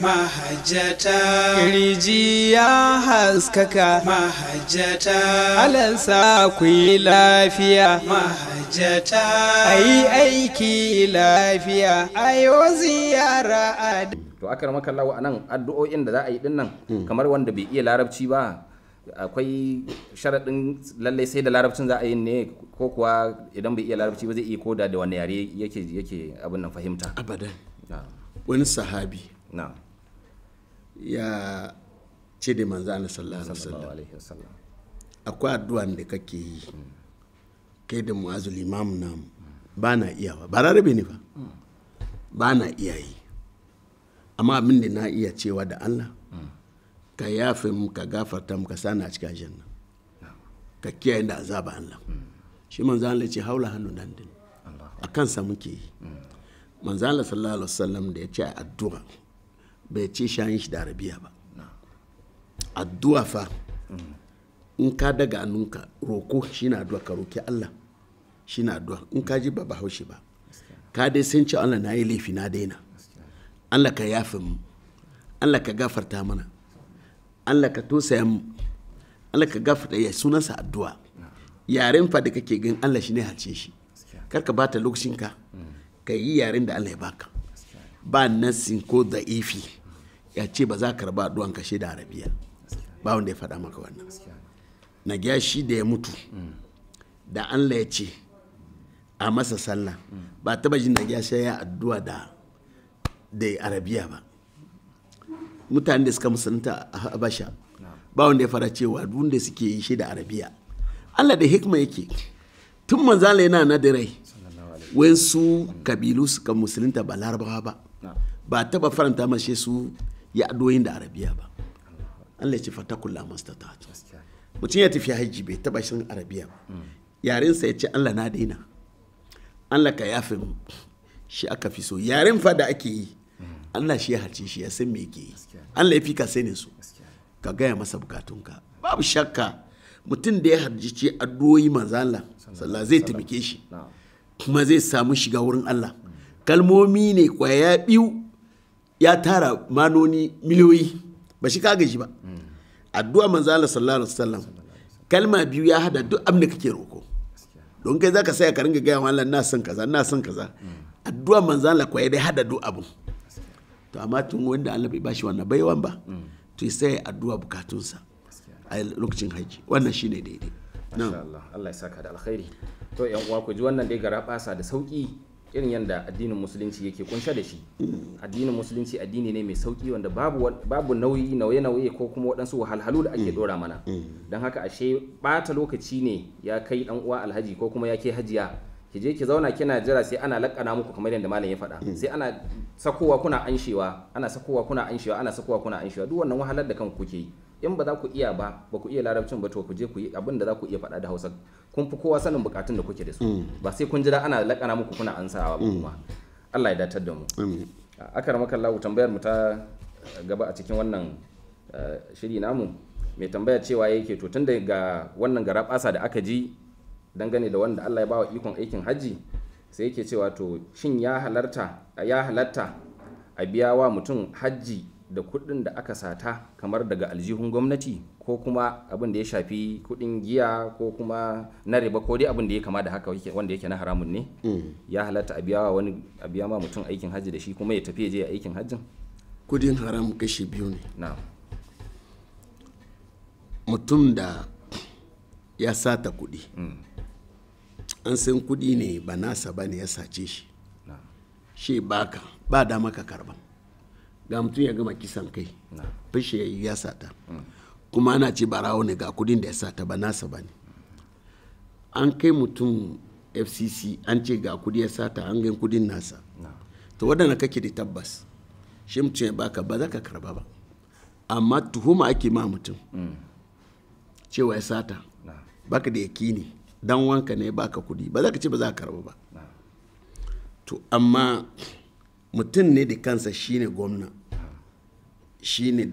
mahajjata rijiya ya haskaka mahajjata alansa ku yi lafiya mahajjata yi aiki lafiya ayo ziyara a to aka ramaka lawa anan addu'o'in da za a yi dinnan hmm. kamar wanda bai iya larabci ba akwai sharaɗin lallai sai da larabcin za a yi ne ko kuwa idan bai iya larabci ba zai iya koda da wani yare yake abin nan fahimta abadan wani sahabi ya ce da manzo Allah sallallahu alaihi wasallam akwai addu'a da kake yi kai da mu'azul imam namu ba na iya ba ba rarrabe ne ba ba na iya yi amma abin da na iya cewa da Allah ka yafe mu ka gafarta mu ka a cikin ajiyar nan ka kiyaye da azaba Allah shi manzo Allah ce haula hannu nan din a kansa muke yi manzo Allah sallallahu alaihi wasallam da ya ce addu'a bai ci shayin shi da arabiya ba addu'a fa in ka daga annunka roko shi na addu'a ka roki Allah shi na addu'a in ka ji ba ba haushi ba ka dai san ce Allah na yi laifi na daina Allah ka yafi mu Allah ka gafarta mana Allah ka tosaya mu Allah ka gafarta ya sunansa addu'a yaren fa da kake gan Allah shi ne halce shi kar ka bata lokacin ka ka yi yaren da Allah ya baka ba nasin ko da'ifi ya ce ba za karba duwan kashe da arabiya ba wanda ya faɗa maka wannan na gya shi da ya mutu da Allah ya ce a masa sallah ba taba jin na gya ya addu'a da da arabiya ba mutane da suka musulunta a habasha ba wanda ya fara cewa duk da suke yi shi da arabiya Allah da hikma yake tun manzala yana na da rai wayansu kabilu suka musulunta ba larabawa ba ba taba faranta mashe su ya adoyin da arabiya ba Allah ya ce mutum ya tafi hajji bai taba shan arabiya ba yaren sa ya ce Allah na daina Allah ka yafe shi aka fi so yaren fa da ake yi Allah shi ya harce shi ya san me ke yi Allah ya fi ka sani su ka gaya masa bukatunka babu shakka mutum da ya harjice addu'o'i manzo Allah sallah zai taimake shi kuma zai samu shiga wurin Allah kalmomi ne kwaya biyu ya tara manoni miliyoyi ba shi kaga shi ba addu'a manzo Allah sallallahu alaihi wasallam kalma biyu ya hada duk abin da kake roko don kai zaka saya ka ringa gaya Allah na son kaza na son kaza addu'a manzo Allah ko ya dai hada duk abu to amma tun wanda Allah bai bashi wannan baiwan ba to sai addu'a bukatunsa a lokacin haji wannan shine daidai Allah ya saka da alkhairi to yan uwa ku ji wannan dai gara sa da sauki irin yadda addinin musulunci yake kunshe da shi addinin musulunci addini ne mai sauki wanda babu nauyi nauye nauye ko kuma waɗansu wahalhalu da ake dora mana mm. Mm. don haka ashe bata lokaci ne ya kai dan uwa alhaji ko kuma ya ke hajiya ki je ki zauna kina jira sai ana lakana muku kamar yadda malam ya faɗa mm. sai ana sakowa kuna anshewa ana sakowa kuna anshewa ana sakowa kuna anshewa duk wannan wahalar da kanku kuke in ba za ku iya ba ba ku iya larabcin ba to ku je ku yi abin da za ku iya faɗa da hausa kun fi kowa sanin bukatun da kuke da su mm. ba sai kun jira ana lakana muku kuna ansawa ba mm. kuma Allah ya datar da mu akar makallahu tambayar mu ta gaba a cikin wannan eh, shiri namu mai tambaya cewa yake to tun ga wannan garabasa da aka ji dangane da wanda Allah ya bawa ikon aikin haji sai yake cewa to shin ya halarta ya halarta a biya wa mutum hajji da kuɗin da aka sata kamar daga aljihun gwamnati ko kuma abin da ya shafi kuɗin giya ko kuma na riba ko dai abin da ya kama da haka wanda yake na haramun ne mm. ya halatta a biya wani a biya ma mutum aikin hajji da shi kuma ya tafi je aikin hajjin kudin haram kashi biyu ne na mutum da ya sata kuɗi mm. an san kuɗi ne ba nasa ba ne ya sace shi shi baka ba dama ka karban ga mutum ya gama kisan kai fashe ya yi ya sata mm. kuma ana ce barawo ne ga kudin da ya sata ba nasa ba ne an kai mutum fcc an ce ga kudi ya sata an gan kudin nasa to waɗanda kake da tabbas shi mutum ya baka ba za ka karba ba amma tuhuma ake ma mutum mm. cewa ya sata baka da yakini dan wanka ne baka kudi ba za ka ce ba za ka karba ba to amma mutum ne da kansa shine gwamna shine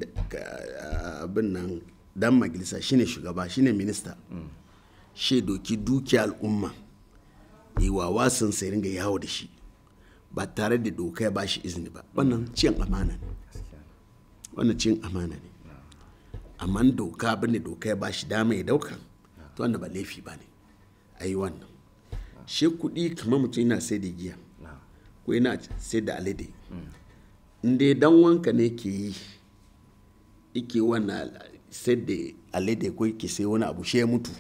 abin nan dan majalisa shine shugaba shine minista shi doki dukiya al'umma wa wasan sai ringa yawo da shi ba tare da doka ya bashi izini ba wannan cin amana ne wannan cin amana ne amma doka bane doka ya bashi dama ya dauka to wanda ba laifi ba ne a wannan shi kuɗi kamar mutum yana sai da giya ko yana sai da alade inda dan wanka ne ke yi ike wannan sai da alade ko ke sai wani abu shi ya mutu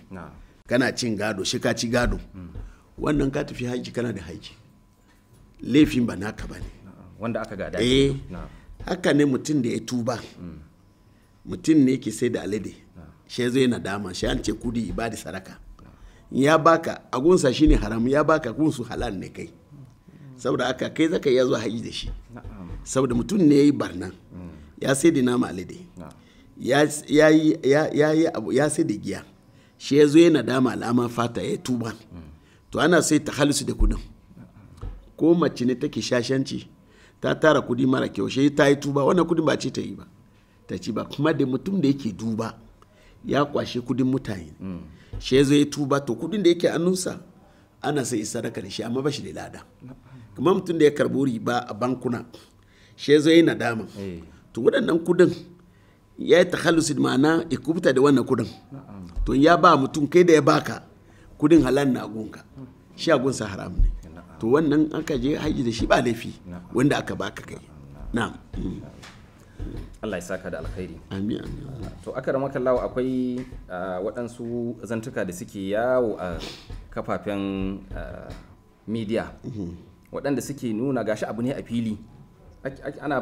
kana cin gado shi ka ci gado wannan ka tafi haji kana da haji laifin ba naka ba ne wanda aka gada eh haka ne mutum da ya tuba mm. mutum ne ke sai da alade shi zai na dama shi an ce kudi ba da saraka ya baka agunsa shine haram ya baka gunsu halal ne kai saboda aka kai zaka iya zuwa haji da shi saboda mutum ne ya yi barna mm. ya sai da nama alade ya sai da giya shi ya zo yana dama alama fata ya tuba mm. to ana sai ta halisu da kudin ko mace ne take shashanci ta tara kudi mara kyau shi ta yi tuba wannan kudin ba ce ta yi ba ta ci ba kuma da mutum da yake duba ya kwashe kudin mutane mm. shi ya zo ya tuba to kudin da yake annunsa ana sai sadaka da shi amma ba shi da lada kuma mutum da ya karbo riba a bankuna shi zo yi nadama eh. to waɗannan kudin ya yi takhallusid ma'ana ya kubuta da wannan kudin to ya ba mutum kai da ya baka kudin halal na gunka shi a gunsa haram ne to wannan aka je haji da shi ba laifi wanda aka baka kai na'am Allah ya saka da alkhairi amin to aka da makallawa akwai waɗansu zantuka da suke yawo a kafafen midiya mhm. waɗanda suke nuna gashi abu ne a fili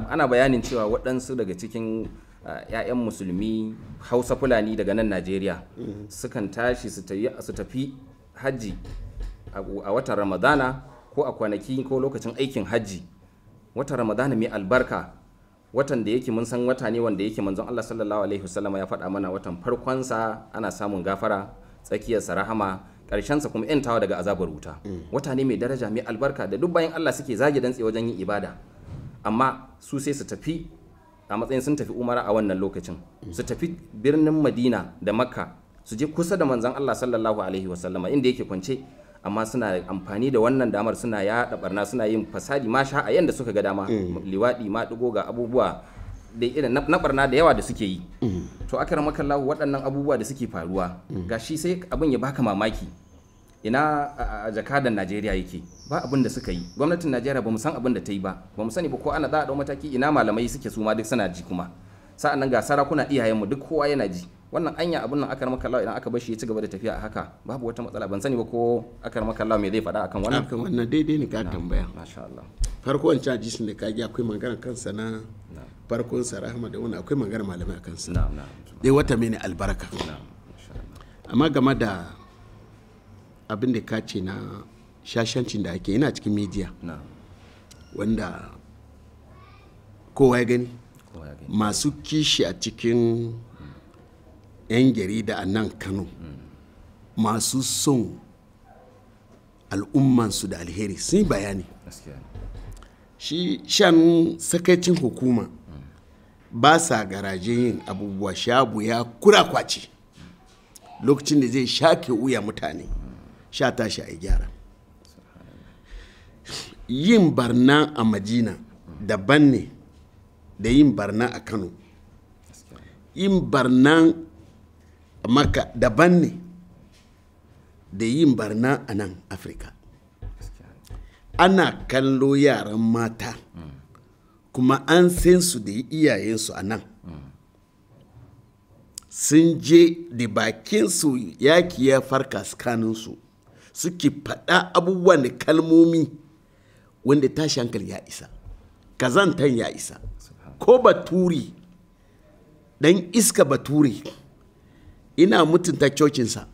ana bayanin cewa waɗansu daga cikin ‘ya'yan eh, musulmi hausa fulani daga nan najeriya mm-hmm. sukan tashi su tafi hajji a watan ramadana ko a kwanaki ko lokacin aikin hajji watan ramadana mai albarka watan da yake mun san wata ne wanda yake manzon Allah sallallahu alaihi wasallama ya faɗa mana watan farkonsa ana samun gafara tsakiyarsa rahama karshensa kuma yantawa daga azabar wuta wata ne mai daraja mai albarka da duk bayan Allah suke zage dantse wajen yin ibada amma su sai su tafi a matsayin sun tafi umara a wannan lokacin su tafi birnin madina da makka su je kusa da manzan Allah sallallahu alaihi wasallama inda yake kwance amma suna amfani da wannan damar suna yaɗa barna suna yin fasadi ma sha a yanda suka ga dama mm. liwaɗi ma ɗigo ga abubuwa da irin na barna da yawa da suke yi mm. to akar waɗannan abubuwa da suke faruwa mm. gashi sai abin ya baka mamaki ina a jakadan najeriya yake ba abin da suka yi gwamnatin najeriya ba mu san abin da ta yi ba ba mu sani ba ko ana za a dau mataki ina malamai suke su ma duk suna ji kuma sa'an nan ga sarakuna iyayen mu duk kowa yana ji wannan anya abin nan akar makallawa idan aka bashi ya ci gaba da tafiya a haka babu wata matsala ban sani ba ko akar makallawa me zai faɗa akan wannan akan wannan daidai ne ka tambaya masha Allah farko wancan hadisin da kage akwai magana kansa na farkon sa rahama da wannan akwai magana malamai akan sa na'am na'am dai wata mene albaraka na'am amma game da abin da ka ce na shashancin da ake yana cikin media wanda kowa ya gani masu kishi a cikin 'yan jarida a nan kano mm. masu son al'ummansu da alheri sun yi bayani shi shan sakacin hukuma mm. ba sa garaje yin abubuwa shabu ya kura mm. lokacin da zai shake wuya mutane sha tashi a gyara yin barna a majina daban ne da yin barna a kano yin barna a maka daban ne da yin barna a nan afirka ana kallo yaran mata kuma an san su da iyayensu a nan sun je da bakinsu yaki ya farka tsakaninsu suke faɗa abubuwan da kalmomi wanda tashi hankali ya isa kazantan ya isa ko baturi dan iska baturi ina mutunta cocinsa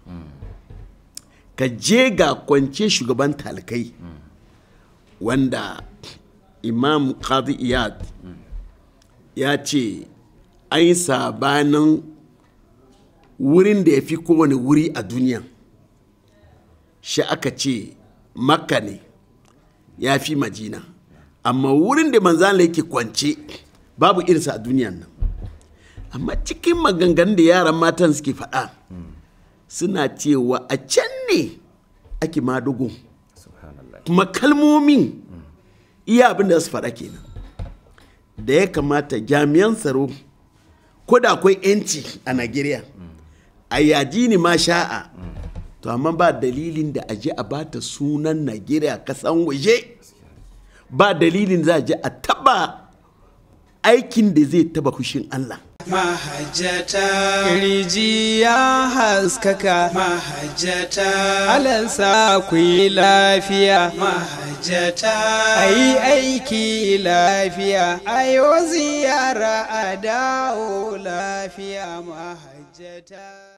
ka je ga kwance shugaban talakai wanda imam qadi iyad ya ce an yi sabanin wurin da ya fi kowane wuri a duniya shi aka ce makka ne ya fi majina amma wurin da manzala yake kwance babu irinsa a duniyan nan amma cikin maganganun da yaran matan suke faɗa suna cewa a can ne ake madugo kuma kalmomin iya abin da su faɗa kenan da ya kamata jami'an tsaro ko da akwai 'yanci a nigeria a yaji ni ma sha'a to amma ba dalilin da a ji a bata sunan nigeria kasan waje ba dalilin za a je a taba aikin da zai taba kushin Allah mahajjata kirji ya haskaka mahajjata alansa ku yi lafiya mahajjata yi aiki lafiya ayo ziyara a dawo lafiya mahajjata